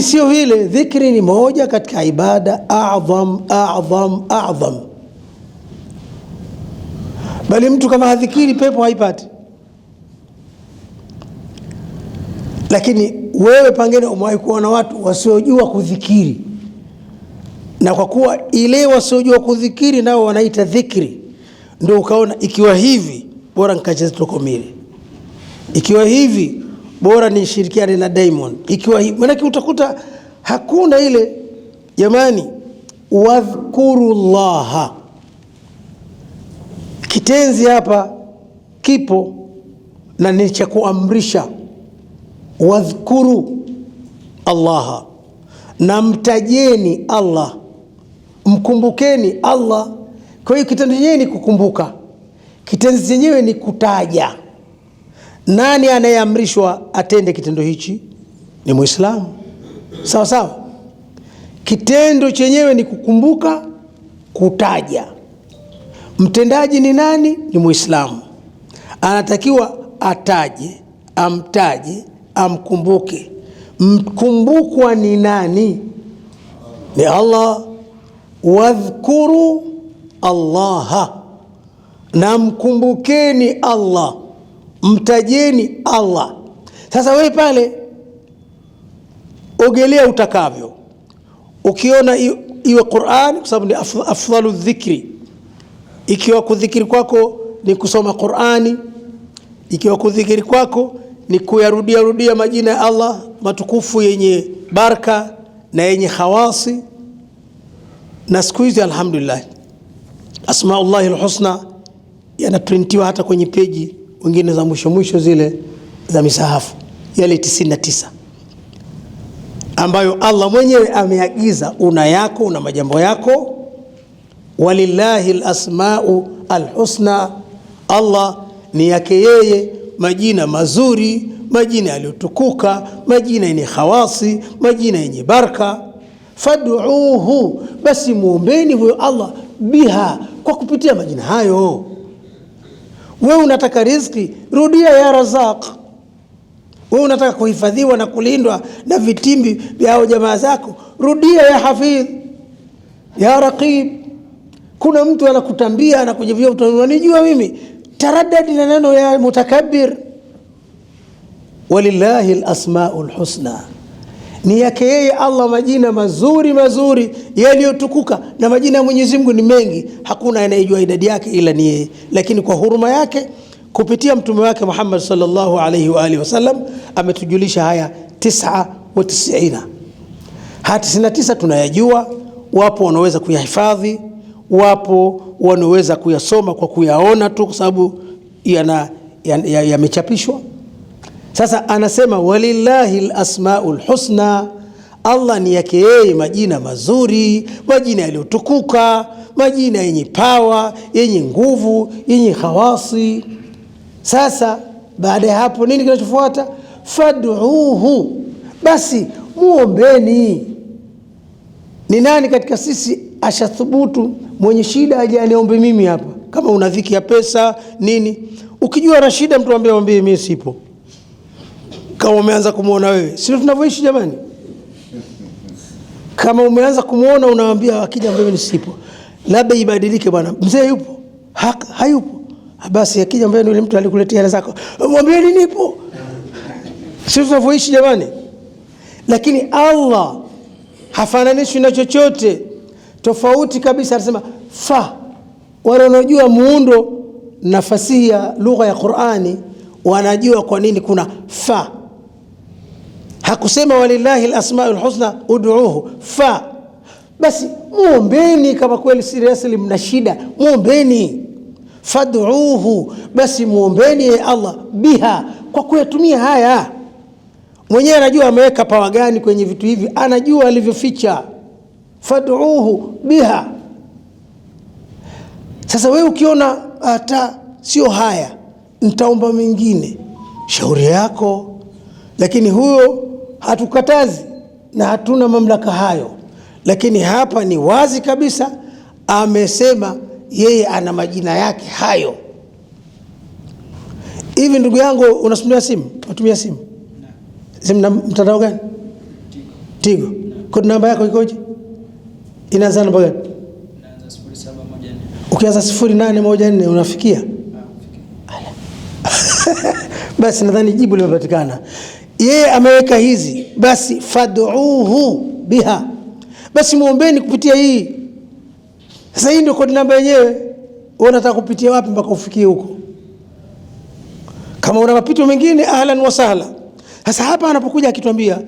Sio vile dhikri ni moja katika ibada adham adham adham, bali mtu kama hadhikiri pepo haipati. Lakini wewe pangine umewahi kuona watu wasiojua kudhikiri, na kwa kuwa ile wasiojua kudhikiri nao wanaita dhikri, ndio ukaona ikiwa hivi bora nikacheze tokomili ikiwa hivi bora nishirikiane na Diamond, ikiwa maanake utakuta hakuna ile jamani, wadhkurullaha kitenzi hapa kipo na ni cha kuamrisha, wadhkuru Allaha, na mtajeni Allah, mkumbukeni Allah. Kwa hiyo kitendo chenyewe ni kukumbuka, kitenzi chenyewe ni kutaja nani anayeamrishwa atende kitendo hichi? Ni Muislamu. Sawa sawa. Kitendo chenyewe ni kukumbuka, kutaja. Mtendaji ni nani? Ni Muislamu. Anatakiwa ataje, amtaje, amkumbuke. Mkumbukwa ni nani? Ni Allah. Wadhkuru Allaha, namkumbukeni Allah mtajeni Allah. Sasa wewe pale ogelea utakavyo, ukiona iwe Qur'an kwa sababu ni afdhalu dhikri, ikiwa kudhikiri kwako ni kusoma Qur'ani, ikiwa kudhikiri kwako ni kuyarudia rudia majina ya Allah matukufu yenye baraka na yenye khawasi. Na siku hizi alhamdulillah, asmaullahi alhusna yanaprintiwa hata kwenye peji wengine za mwisho mwisho zile za misahafu yale 99 ambayo Allah mwenyewe ameagiza, una yako una majambo yako, walillahi lasmau alhusna, Allah ni yake yeye majina mazuri, majina yaliyotukuka, majina yenye khawasi, majina yenye baraka. Fad'uhu, basi muombeni huyo Allah biha, kwa kupitia majina hayo wewe unataka riziki, rudia ya Razaq. Wewe unataka kuhifadhiwa na kulindwa na vitimbi vyao jamaa zako, rudia ya Hafidh, ya Raqib. Kuna mtu anakutambia anakujivia, nijua mimi taradadi na neno ya Mutakabbir. Walillahi alasmaul husna ni yake yeye Allah, majina mazuri mazuri yaliyotukuka. Na majina ya Mwenyezi Mungu ni mengi, hakuna anayejua idadi yake ila ni yeye, lakini kwa huruma yake kupitia mtume wake Muhammad sallallahu alayhi wa alihi wasallam ametujulisha haya 99. wa tisina. Haya 99 tisa tunayajua, wapo wanaweza kuyahifadhi, wapo wanaweza kuyasoma kwa kuyaona tu, kwa sababu yamechapishwa ya, ya sasa anasema walillahi lasmaul husna, Allah ni yake yeye majina mazuri, majina yaliyotukuka, majina yenye pawa, yenye nguvu, yenye khawasi. Sasa baada ya hapo nini kinachofuata? Fad'uhu, basi muombeni. Ni nani katika sisi ashathubutu? Mwenye shida aje aniombe mimi hapa, kama una dhiki ya pesa nini. Ukijua na shida mtu ambie mwambie mimi sipo kama umeanza kumwona wewe, sio tunavyoishi jamani. Kama umeanza kumwona unawaambia akija mbele nisipo, labda ibadilike bwana. Mzee yupo haka, hayupo ah, basi, akija mbele yule mtu alikuletea hela zako, mwambieni nipo. Sio tunavyoishi jamani. Lakini Allah hafananishwi na chochote, tofauti kabisa. Anasema fa, wale wanaojua muundo na fasihi ya lugha ya Qur'ani wanajua kwa nini kuna fa Hakusema walillahi alasmaul husna ud'uhu fa, basi muombeni. Kama kweli seriously mna shida, muombeni. Fad'uhu, basi muombeni ye Allah biha, kwa kuyatumia haya. Mwenyewe anajua ameweka pawa gani kwenye vitu hivi, anajua alivyoficha. Fad'uhu biha. Sasa wewe ukiona hata sio haya, nitaomba mengine, shauri yako, lakini huyo hatukatazi na hatuna mamlaka hayo, lakini hapa ni wazi kabisa, amesema yeye ana majina yake hayo. Hivi ndugu yangu, unasimulia simu, unatumia simu simu na mtandao gani? Tigo. Kodi namba yako ikoje? Inaanza namba gani? Ukianza sifuri nane moja nne unafikia. Ah, Basi nadhani jibu limepatikana yeye ameweka hizi, basi fad'uuhu biha, basi muombeni kupitia hii. Sasa hii ndio kodi namba yenyewe. Unataka kupitia wapi mpaka ufikie huko? Kama una mapito mengine, ahlan wa sahla. Sasa hapa anapokuja akituambia